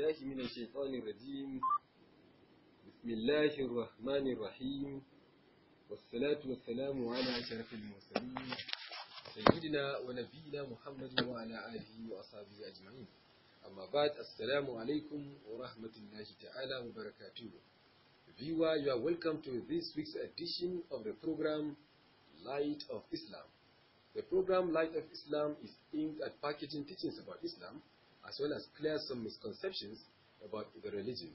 بالله من الشيطان الرجيم بسم الله الرحمن الرحيم والصلاة والسلام على أشرف المرسلين سيدنا ونبينا محمد وعلى آله وأصحابه أجمعين أما بعد السلام عليكم ورحمة الله تعالى وبركاته Viewer, you are welcome to this week's edition of the program Light of Islam. The program Light of Islam is aimed at packaging teachings about Islam as well as clear some misconceptions about the religion.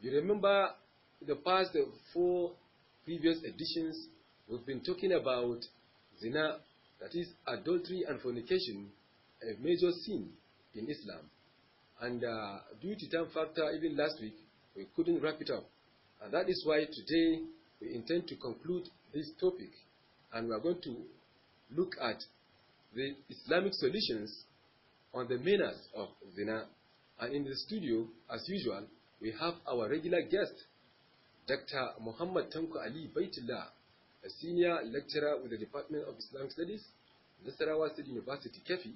You remember in the past four previous editions, we've been talking about zina, that is adultery and fornication, a major sin in Islam. And uh, due to time factor, even last week, we couldn't wrap it up. And that is why today we intend to conclude this topic and we are going to look at the Islamic solutions on the manners of zina. And in the studio, as usual, we have our regular guest, Dr. Muhammad Tanko Ali Baitullah, a senior lecturer with the Department of Islamic Studies, Nasarawa State University, Kefi,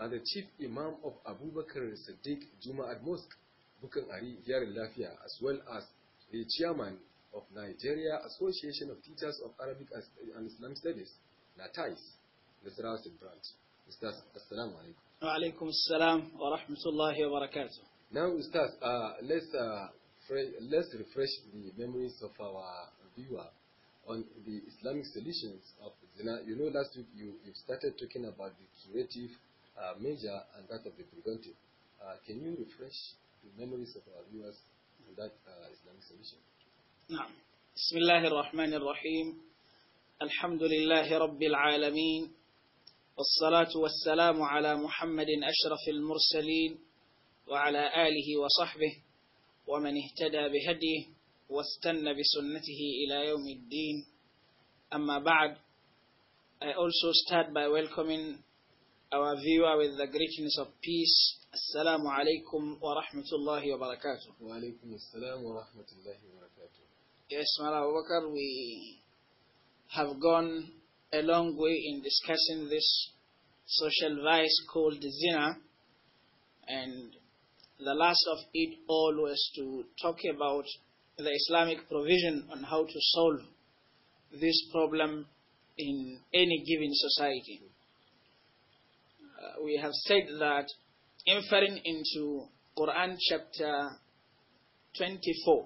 and the chief imam of Abu Bakr Siddiq Juma'at Mosque, Bukan Ari Yarin Lafia, as well as the chairman of Nigeria Association of Teachers of Arabic and Islamic Studies, NATAIS, Nasarawa State Branch. Ustaz, assalamu alaikum. Wa alaikum assalam wa rahmatullahi wa barakatuh. Now, Ustaz, uh, let's, uh, let's refresh the memories of our viewer on the Islamic solutions of zina. You know, last week you, you started talking about the curative uh, measure and that of the preventive. Uh, can you refresh the memories of our viewers on that uh, Islamic solution? نعم بسم الله الرحمن الرحيم الحمد لله رب العالمين والصلاة والسلام على محمد أشرف المرسلين وعلى آله وصحبه ومن اهتدى بهديه واستنى بسنته إلى يوم الدين أما بعد I also start by welcoming our viewer with the greetings of peace السلام عليكم ورحمة الله وبركاته وعليكم السلام ورحمة الله وبركاته Yes, Mala Abu Bakr, we have gone a long way in discussing this social vice called zina, and the last of it all was to talk about the Islamic provision on how to solve this problem in any given society. Uh, we have said that inferring into Quran chapter 24,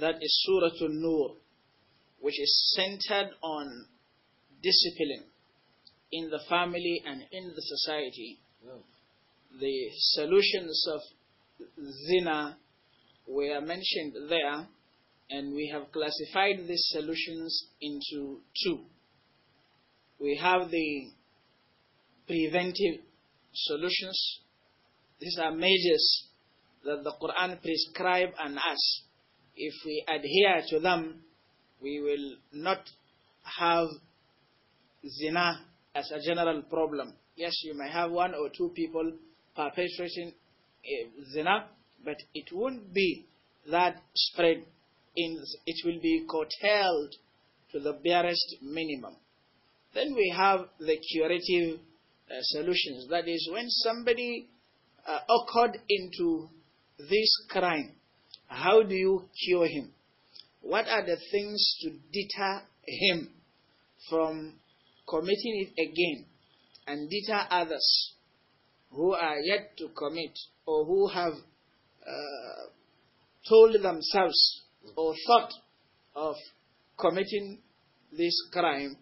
that is Surah An-Nur, which is centered on discipline in the family and in the society, the solutions of zina were mentioned there, and we have classified these solutions into two. We have the preventive solutions. These are measures that the Quran prescribes and us. If we adhere to them, we will not have zina as a general problem. Yes, you may have one or two people perpetrating eh, zina, but it won't be that spread. In, it will be curtailed to the barest minimum. Then we have the curative uh, solutions. That is, when somebody uh, occurred into this crime, how do you cure him? What are the things to deter him from committing it again and deter others who are yet to commit or who have uh, told themselves or thought of committing this crime,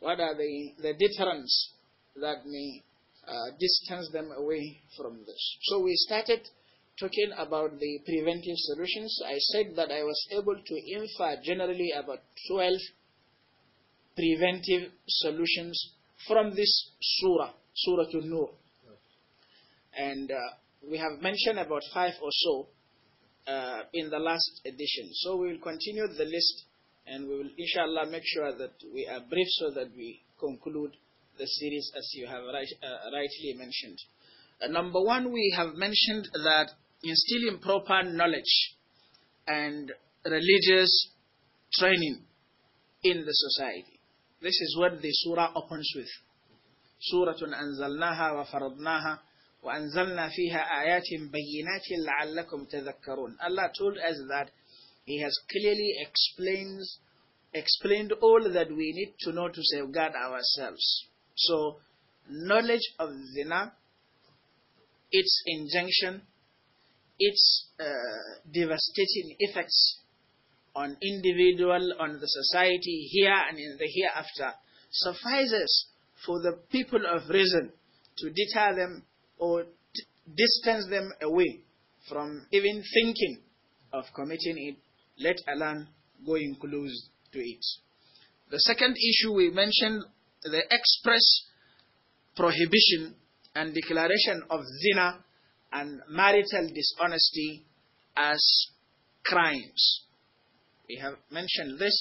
what are the, the deterrents that may uh, distance them away from this? So we started talking about the preventive solutions. I said that I was able to infer generally about 12 preventive solutions from this surah, Surah An-Nur. And uh, we have mentioned about five or so uh, in the last edition. So we will continue the list and we will inshallah make sure that we are brief so that we conclude the series as you have right, uh, rightly mentioned. Uh, number one, we have mentioned that instilling proper knowledge and religious training in the society. This is what the surah opens with. سورة أنزلناها وفرضناها وأنزلنا فيها آيات بينات لعلكم تذكرون. Allah told us that He has clearly explains, explained all that we need to know to safeguard ourselves. So, knowledge of zina, its injunction, its uh, devastating effects, on individual, on the society here and in the hereafter, suffices for the people of reason to deter them or distance them away from even thinking of committing it, let alone going close to it. The second issue we mentioned, the express prohibition and declaration of zina and marital dishonesty as crimes. We have mentioned this,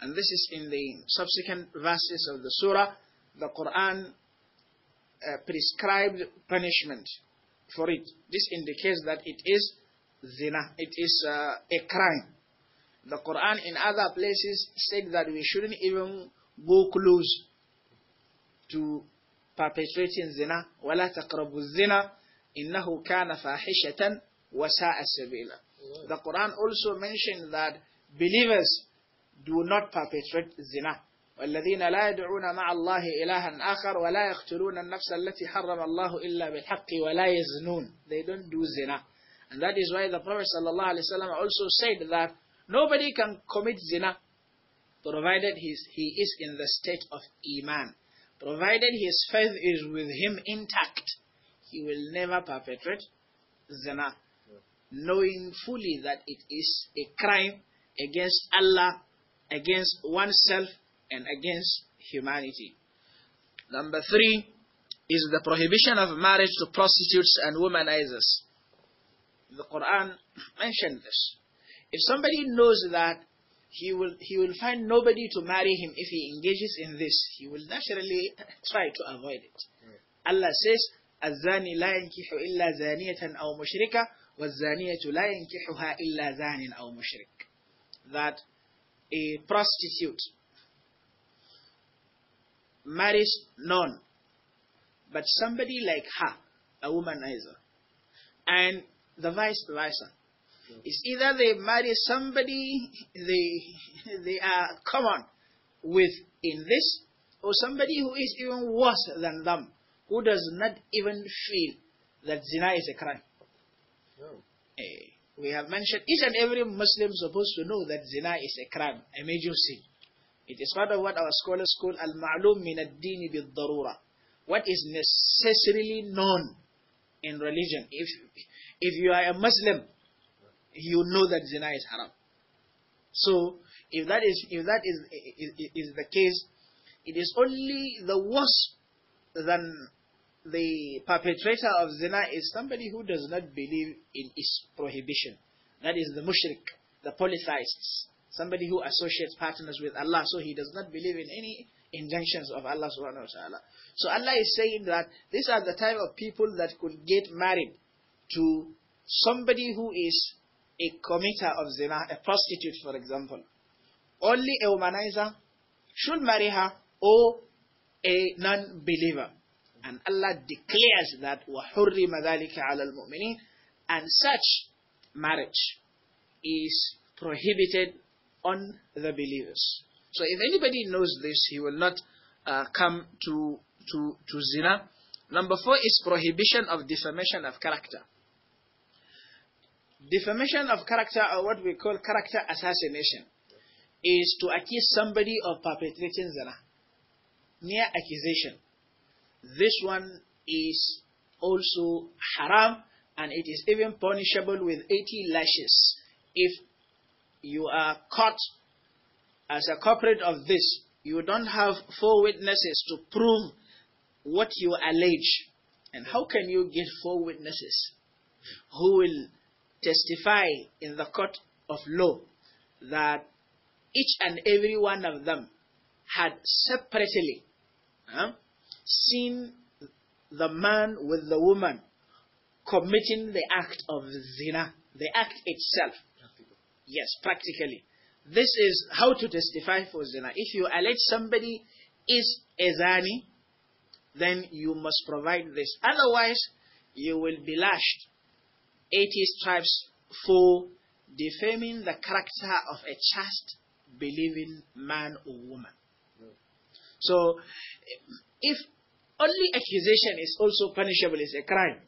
and this is in the subsequent verses of the surah. The Quran uh, prescribed punishment for it. This indicates that it is zina, it is uh, a crime. The Quran in other places said that we shouldn't even go close to perpetrating zina. وَلَا تَقْرَبُوا الزِّنَا إِنَّهُ كَانَ فَاحِشَةً وَسَاءَ السَّبِيلًا The Quran also mentioned that believers do not perpetrate zina. والذين لا يدعون مع الله إلها آخر ولا يقتلون النفس التي حرم الله إلا بالحق ولا يزنون. They don't do zina. And that is why the Prophet ﷺ also said that nobody can commit zina provided he is, he is in the state of iman. Provided his faith is with him intact, he will never perpetrate zina, knowing fully that it is a crime against Allah, against oneself, and against humanity. Number three is the prohibition of marriage to prostitutes and womanizers. The Quran mentioned this. If somebody knows that he will, he will find nobody to marry him if he engages in this, he will naturally try to avoid it. Allah says, الزاني لا ينكح إلا زانية أو مشركة والزانية لا ينكحها إلا زان أو مشرك that a prostitute marries none, but somebody like her, a womanizer, and the vice versa. It's either they marry somebody they they are common with in this, or somebody who is even worse than them, who does not even feel that zina is a crime. No. Eh we have mentioned, each and every Muslim is supposed to know that zina is a crime, a major sin. It is part of what our scholars call al-ma'lum min ad-dini bid-darura. What is necessarily known in religion. If, if you are a Muslim, you know that zina is haram. So, if that is, if that is, is, is the case, it is only the worst than the perpetrator of zina is somebody who does not believe in its prohibition. That is the mushrik, the polytheists, somebody who associates partners with Allah, so he does not believe in any injunctions of Allah subhanahu wa ta'ala. So Allah is saying that these are the type of people that could get married to somebody who is a committer of zina, a prostitute for example. Only a womanizer should marry her or a non-believer. And Allah declares that وَحُرِّمَ ذَلِكَ عَلَى الْمُؤْمِنِينَ And such marriage is prohibited on the believers. So if anybody knows this, he will not uh, come to, to, to zina. Number four is prohibition of defamation of character. Defamation of character, or what we call character assassination, is to accuse somebody of perpetrating zina. Mere accusation. This one is also haram and it is even punishable with 80 lashes if you are caught as a culprit of this. You don't have four witnesses to prove what you allege. And how can you get four witnesses who will testify in the court of law that each and every one of them had separately huh, seen the man with the woman committing the act of zina, the act itself. Practical. Yes, practically. This is how to testify for zina. If you allege somebody is a zani, then you must provide this. Otherwise, you will be lashed 80 stripes for defaming the character of a chaste, believing man or woman. So, if only accusation is also punishable as a crime,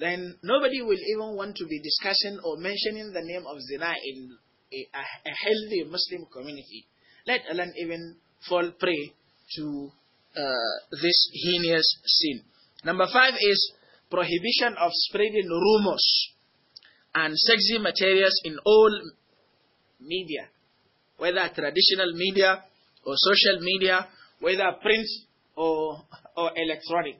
then nobody will even want to be discussing or mentioning the name of zina in a, a, a healthy Muslim community, let alone even fall prey to uh, this heinous sin. Number five is prohibition of spreading rumors and sexy materials in all media, whether traditional media or social media, whether print او or electronic.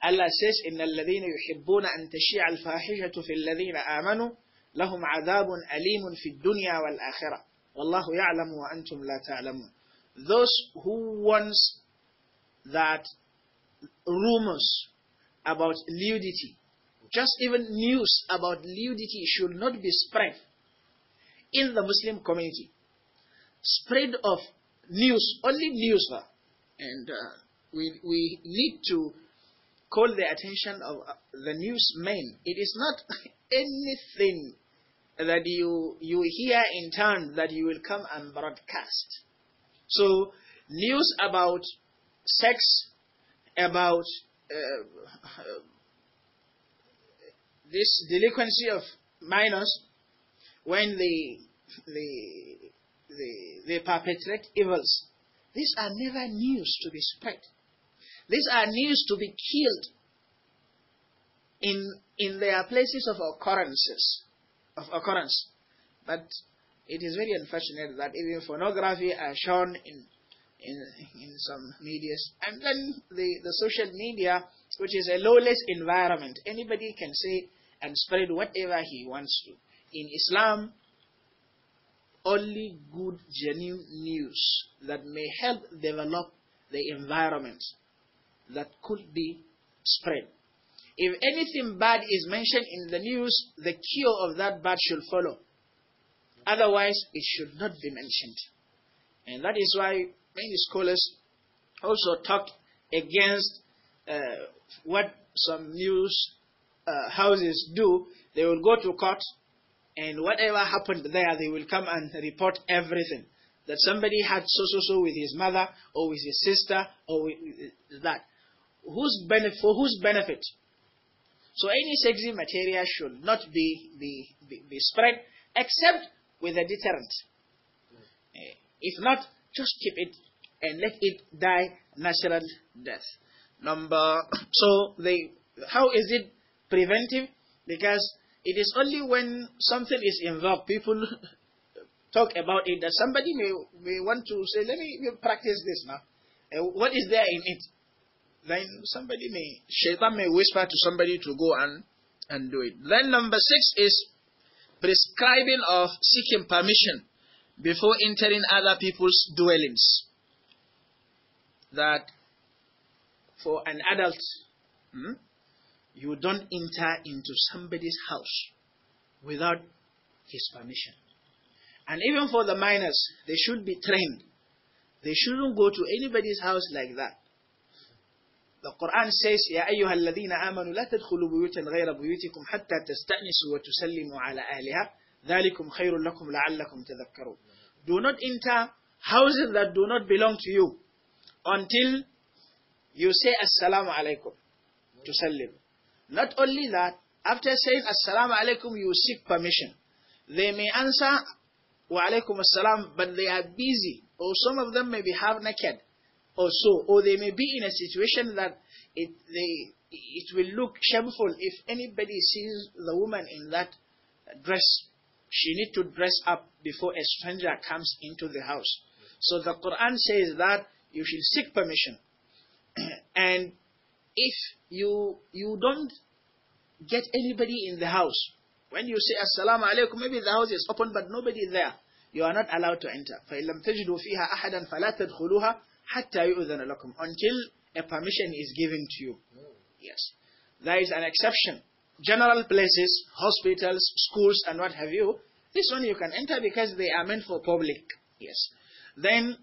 Allah says, إن الذين يحبون أن تشيع الفاحشة في الذين آمنوا لهم عذاب أليم في الدنيا والآخرة والله يعلم وأنتم لا تعلمون Those who wants that rumors about nudity, just even news about nudity should not be spread in the Muslim community. Spread of news, only news, and uh, we, we need to call the attention of uh, the newsmen. It is not anything that you, you hear in town that you will come and broadcast. So, news about sex, about uh, this delinquency of minors, when they, they, they, they perpetrate evils, these are never news to be spread. These are news to be killed in, in their places of occurrences, of occurrence. But it is very unfortunate that even pornography are shown in, in, in some medias. And then the, the social media, which is a lawless environment, anybody can say and spread whatever he wants to. In Islam, only good, genuine news that may help develop the environment that could be spread. If anything bad is mentioned in the news, the cure of that bad should follow. Otherwise, it should not be mentioned. And that is why many scholars also talk against uh, what some news uh, houses do. They will go to court, and whatever happened there, they will come and report everything. That somebody had so so so with his mother, or with his sister, or with that whose benefit, for whose benefit. So any sexy material should not be, be, be, be spread except with a deterrent. Eh, if not, just keep it and let it die natural death. Number so the how is it preventive? Because it is only when something is involved, people talk about it that somebody may, may want to say, let me practice this now. Eh, what is there in it? then somebody may, shaitan may whisper to somebody to go and, and do it. Then number six is prescribing of seeking permission before entering other people's dwellings. That for an adult, hmm, you don't enter into somebody's house without his permission. And even for the minors, they should be trained. They shouldn't go to anybody's house like that. The Quran says, يا أيها الذين آمنوا لا تدخلوا بيوتا غير بيوتكم حتى تستأنسوا وتسلموا على أهلها ذلكم خير لكم لعلكم تذكرون. Do not enter houses that do not belong to you until you say السلام عليكم to Salim. Not only that, after saying السلام عليكم you seek permission. They may answer وعليكم السلام but they are busy, or some of them may be half naked. or so, or they may be in a situation that it they it will look shameful if anybody sees the woman in that dress. She need to dress up before a stranger comes into the house. So the Quran says that you should seek permission, and if you you don't get anybody in the house, when you say assalamu alaikum, maybe the house is open but nobody there. You are not allowed to enter. فَإِن تَجِدُوا فِيهَا أَحَدًا فَلَا تَدْخُلُوهَا hatta yu'dhana lakum until a permission is given to you. Yes. There is an exception. General places, hospitals, schools and what have you, this one you can enter because they are meant for public. Yes. Then,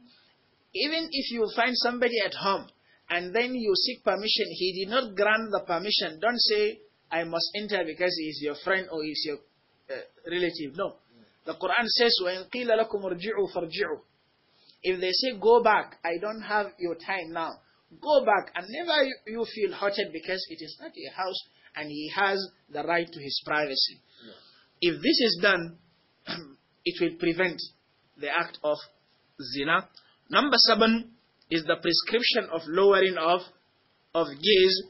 even if you find somebody at home and then you seek permission, he did not grant the permission, don't say, I must enter because he is your friend or he is your uh, relative. No. The Quran says, وَإِنْ قِيلَ لَكُمْ ارْجِعُوا فَارْجِعُوا if they say, go back, I don't have your time now, go back. And never you, feel hurted because it is not your house and he has the right to his privacy. If this is done, it will prevent the act of zina. Number seven is the prescription of lowering of, of gaze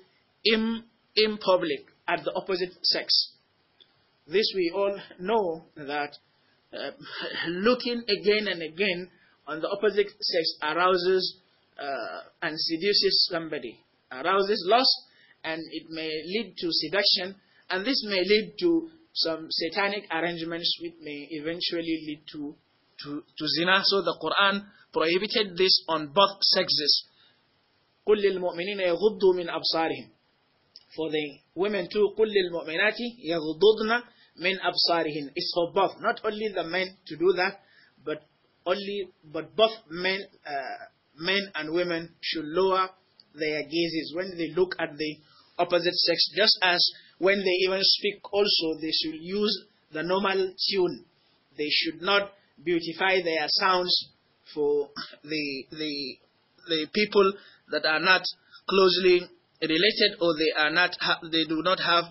in, in public at the opposite sex. This we all know that uh, looking again and again on the opposite sex arouses uh, and seduces somebody, arouses lust, and it may lead to seduction, and this may lead to some satanic arrangements which may eventually lead to, to, to zina. So the Quran prohibited this on both sexes. قل للمؤمنين يغضوا من أبصارهم for the women too قل للمؤمنات يغضضن من أبصارهن it's for both not only the men to do that only, but both men, uh, men and women should lower their gazes when they look at the opposite sex, just as when they even speak also, they should use the normal tune. They should not beautify their sounds for the, the, the people that are not closely related or they are not, they do not have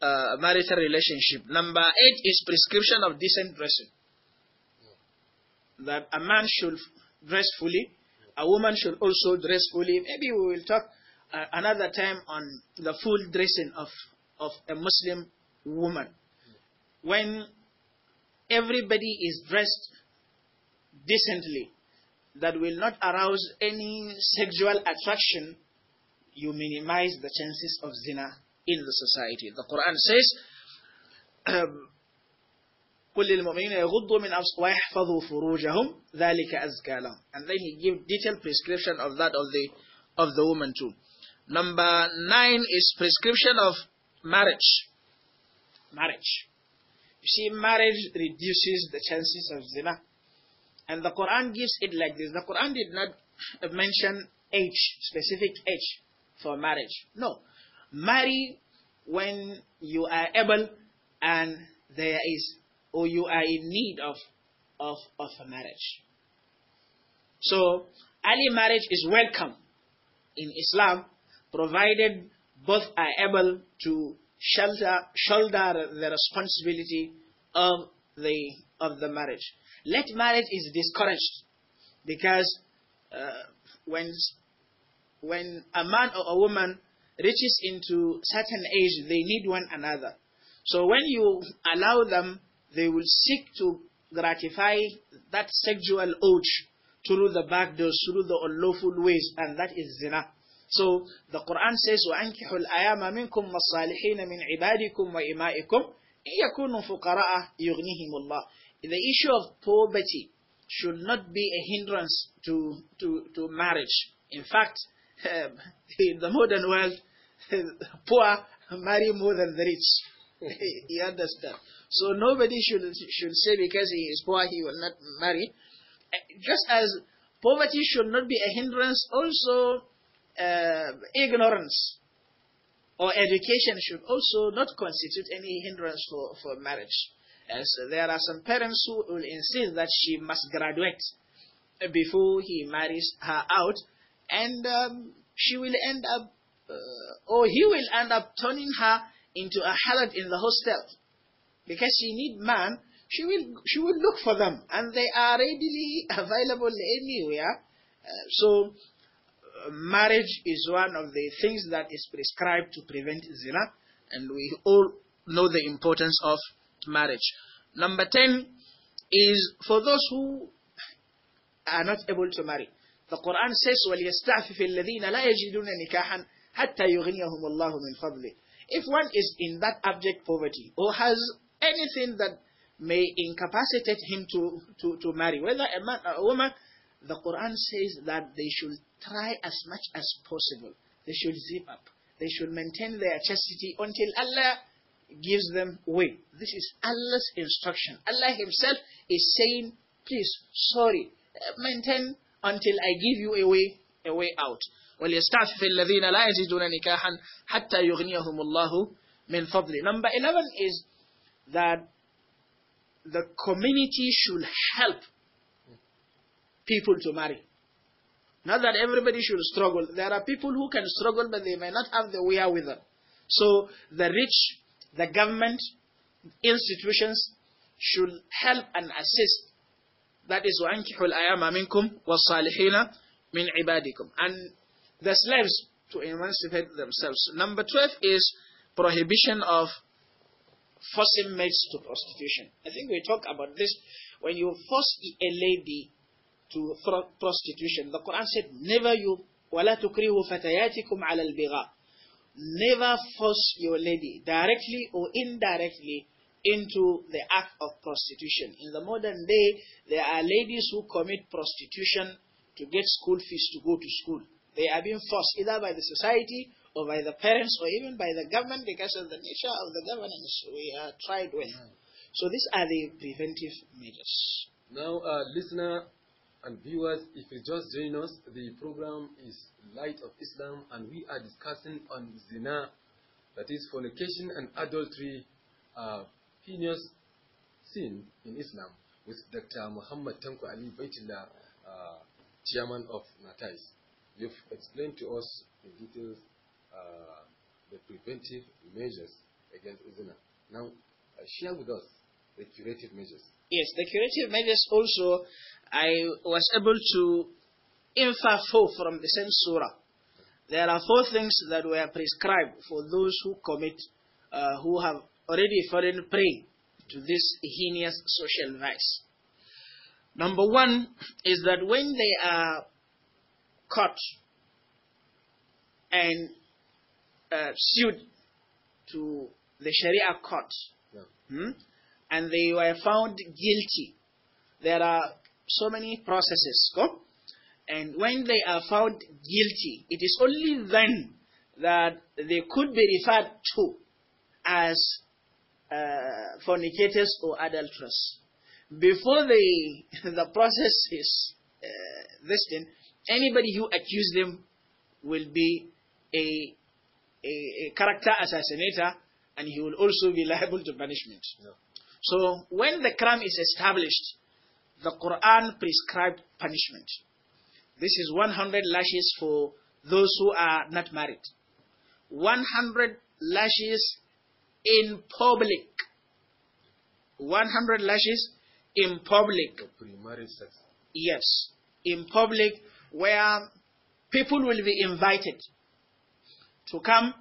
a uh, marital relationship. Number eight is prescription of decent dressing that a man should dress fully, a woman should also dress fully. Maybe we will talk uh, another time on the full dressing of, of a Muslim woman. When everybody is dressed decently, that will not arouse any sexual attraction, you minimize the chances of zina in the society. The Quran says, um, قل للمؤمنين يغضوا من أبصارهم ويحفظوا فروجهم ذلك أزكى لهم and then he gave detailed prescription of that of the of the woman too number nine is prescription of marriage marriage you see marriage reduces the chances of zina and the Quran gives it like this the Quran did not mention age specific age for marriage no marry when you are able and there is or you are in need of, of, of a marriage. So, early marriage is welcome in Islam, provided both are able to shoulder, shoulder the responsibility of the, of the marriage. Late marriage is discouraged because uh, when, when a man or a woman reaches into certain age, they need one another. So when you allow them they will seek to gratify that sexual urge through the back doors, through the unlawful ways, and that is zina. So the Quran says, وَأَنْكِحُوا الْأَيَامَ مِنْكُمْ وَالصَّالِحِينَ مِنْ عِبَادِكُمْ وَإِمَائِكُمْ إِنْ يَكُونُوا فُقَرَاءَ يُغْنِهِمُ اللَّهِ The issue of poverty should not be a hindrance to, to, to marriage. In fact, um, in the modern world, the poor marry more than the rich. you understand? So nobody should should say because he is poor he will not marry. Just as poverty should not be a hindrance, also uh, ignorance or education should also not constitute any hindrance for, for marriage. As there are some parents who will insist that she must graduate before he marries her out, and um, she will end up, uh, or he will end up turning her into a harlot in the hostel because she need man, she will she will look for them, and they are readily available anywhere. Uh, so, uh, marriage is one of the things that is prescribed to prevent zina, and we all know the importance of marriage. Number ten is for those who are not able to marry. The Quran says, وَلْيَسْتَعْفِفِ الَّذِينَ لَا يَجِدُونَ نِكَاحًا حَتَّى يُغْنِيَهُمُ اللَّهُ مِنْ فَضْلِهِ If one is in that abject poverty or has anything that may incapacitate him to, to, to marry, whether a man or a woman, the Quran says that they should try as much as possible. They should zip up. They should maintain their chastity until Allah gives them way. This is Allah's instruction. Allah Himself is saying, please, sorry, eh, maintain until I give you a way, a way out. وَلْيَسْتَعْفِفِ الَّذِينَ لَا يَجِدُونَ نِكَاحًا حَتَّى يُغْنِيَهُمُ اللَّهُ مِنْ فضله. Number 11 is that the community should help people to marry. Not that everybody should struggle. There are people who can struggle, but they may not have the wherewithal. So the rich, the government, institutions should help and assist. That is وَأَنْكِحُ الْأَيَامَ مِنْكُمْ وَالصَّالِحِينَ مِنْ عِبَادِكُمْ And the slaves to emancipate themselves. Number 12 is prohibition of forcing maids to prostitution. I think we talk about this. When you force a lady to prostitution, the Quran said, never you, وَلَا تُكْرِهُ فَتَيَاتِكُمْ عَلَى الْبِغَاءِ Never force your lady, directly or indirectly, into the act of prostitution. In the modern day, there are ladies who commit prostitution to get school fees to go to school. They are being forced either by the society or by the parents or even by the government because of the nature of the governance we are tried with. Mm. So these are the preventive measures. Now, uh, listener and viewers, if you just join us, the program is Light of Islam and we are discussing on zina, that is fornication and adultery, uh, heinous sin in Islam with Dr. Muhammad Tanko Ali Baitullah, uh, chairman of Natais. You've explained to us in details uh, the preventive measures against Izina. Now, uh, share with us the curative measures. Yes, the curative measures also I was able to infer four from the same surah. There are four things that were prescribed for those who commit, uh, who have already fallen prey to this heinous social vice. Number one is that when they are caught and uh, sued to the Sharia court. Yeah. Hmm? And they were found guilty. There are so many processes. Go? And when they are found guilty, it is only then that they could be referred to as uh, fornicators or adulterers. Before the the process is uh, this thing, anybody who accused them will be a a, a character assassinator and he will also be liable to punishment. Yeah. So when the crime is established, the Quran prescribed punishment. This is 100 lashes for those who are not married. 100 lashes in public. 100 lashes in public. Yes, in public where people will be invited to come,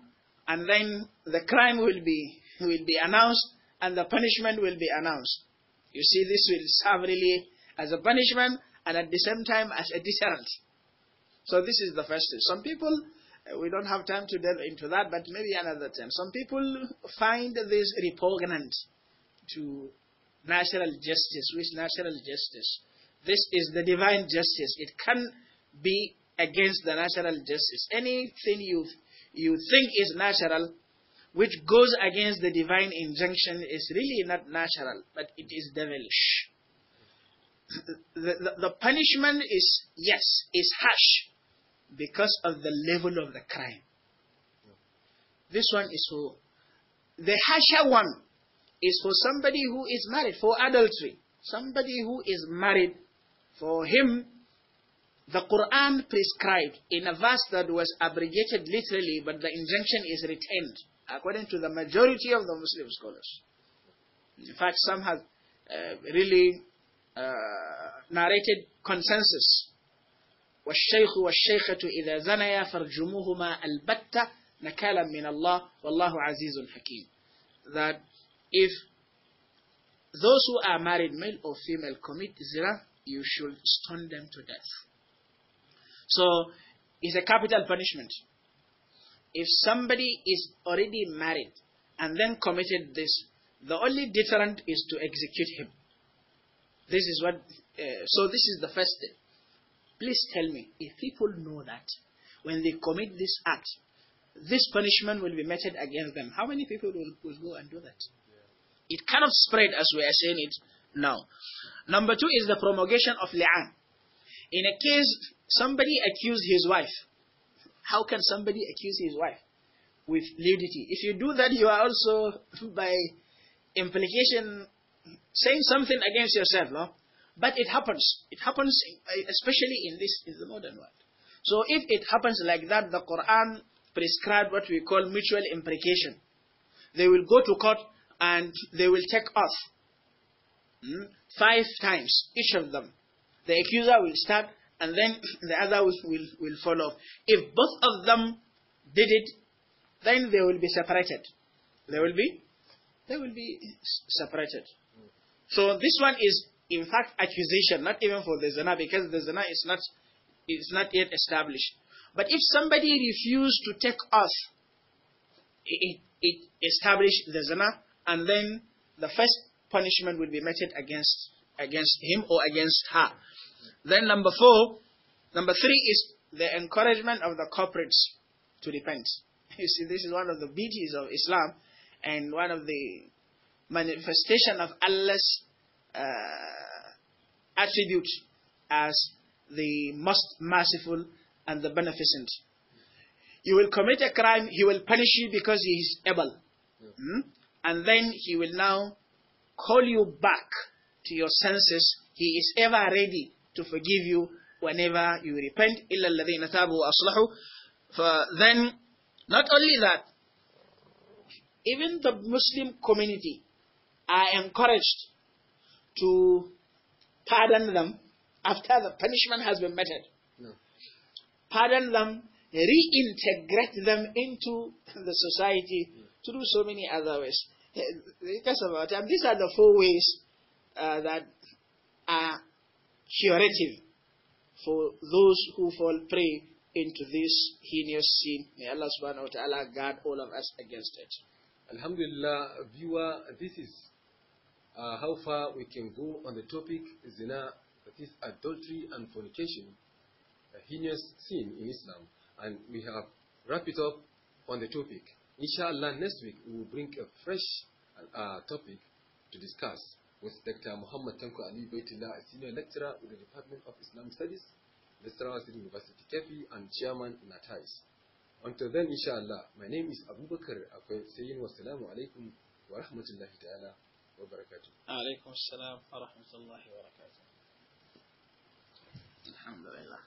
and then the crime will be, will be announced, and the punishment will be announced. You see, this will serve really as a punishment, and at the same time as a deterrent. So this is the first thing. Some people, uh, we don't have time to delve into that, but maybe another time. Some people find this repugnant to natural justice, Which natural justice. This is the divine justice. It can be against the natural justice. Anything you have you think is natural, which goes against the divine injunction, is really not natural, but it is devilish. The, the, the punishment is, yes, is harsh because of the level of the crime. This one is for, the harsher one is for somebody who is married for adultery. Somebody who is married, for him, the Quran prescribed in a verse that was abrogated literally, but the injunction is retained, according to the majority of the Muslim scholars. In fact, some have uh, really uh, narrated consensus. والشيخ والشيخة إذا زنيا فارجموهما البتة نكالا من الله والله عزيز حكيم that if those who are married male or female commit zina you should stone them to death so it's a capital punishment. If somebody is already married and then committed this, the only deterrent is to execute him. This is what. Uh, so this is the first step. Please tell me if people know that when they commit this act, this punishment will be meted against them. How many people will, will go and do that? Yeah. It kind of spread as we are saying it now. Number two is the promulgation of li'an. In a case Somebody accused his wife. How can somebody accuse his wife with nudity? If you do that, you are also, by implication, saying something against yourself, no? But it happens. It happens eh, especially in this, in the modern world. So if it happens like that, the Quran prescribed what we call mutual imprecation. They will go to court and they will take oath. Hmm? Five times, each of them. The accuser will start and then the other will, will, will follow. If both of them did it, then they will be separated. They will be, they will be separated. So this one is, in fact, accusation, not even for the zina, because the zina is not, is not yet established. But if somebody refused to take oath, it, it established the zina, and then the first punishment will be meted against against him or against her. Then number four, number three is the encouragement of the corporates to repent. You see, this is one of the beauties of Islam and one of the manifestation of Allah's uh, attribute as the most merciful and the beneficent. You will commit a crime, He will punish you because He is able. Yeah. Hmm? And then He will now call you back to your senses. He is ever ready to forgive you whenever you repent. For then, not only that, even the Muslim community are encouraged to pardon them after the punishment has been meted. No. Pardon them, reintegrate them into the society to do so many other ways. Eh, these are the four ways uh, that are curative for those who fall prey into this heinous sin. May Allah subhanahu wa ta'ala guard all of us against it. Alhamdulillah, viewer, this is uh, how far we can go on the topic zina, that is adultery and fornication, a heinous sin in Islam. And we have wrapped it up on the topic. Inshallah, next week we will bring a fresh uh, topic to discuss. was Dr. Muhammad Tanko Ali Baitila, a senior lecturer with the Department of Islamic Studies, Lecturer City University Kefi, and chairman in Atais. Until then, inshallah, my name is Abubakar Akwai saying wassalamu alaikum wa rahmatullahi ta'ala wa barakatuh. Alaikum assalam wa rahmatullahi wa barakatuh. Alhamdulillah.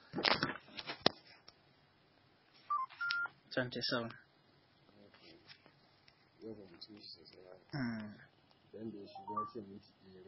27. Mm. 辨别时间是没几多的。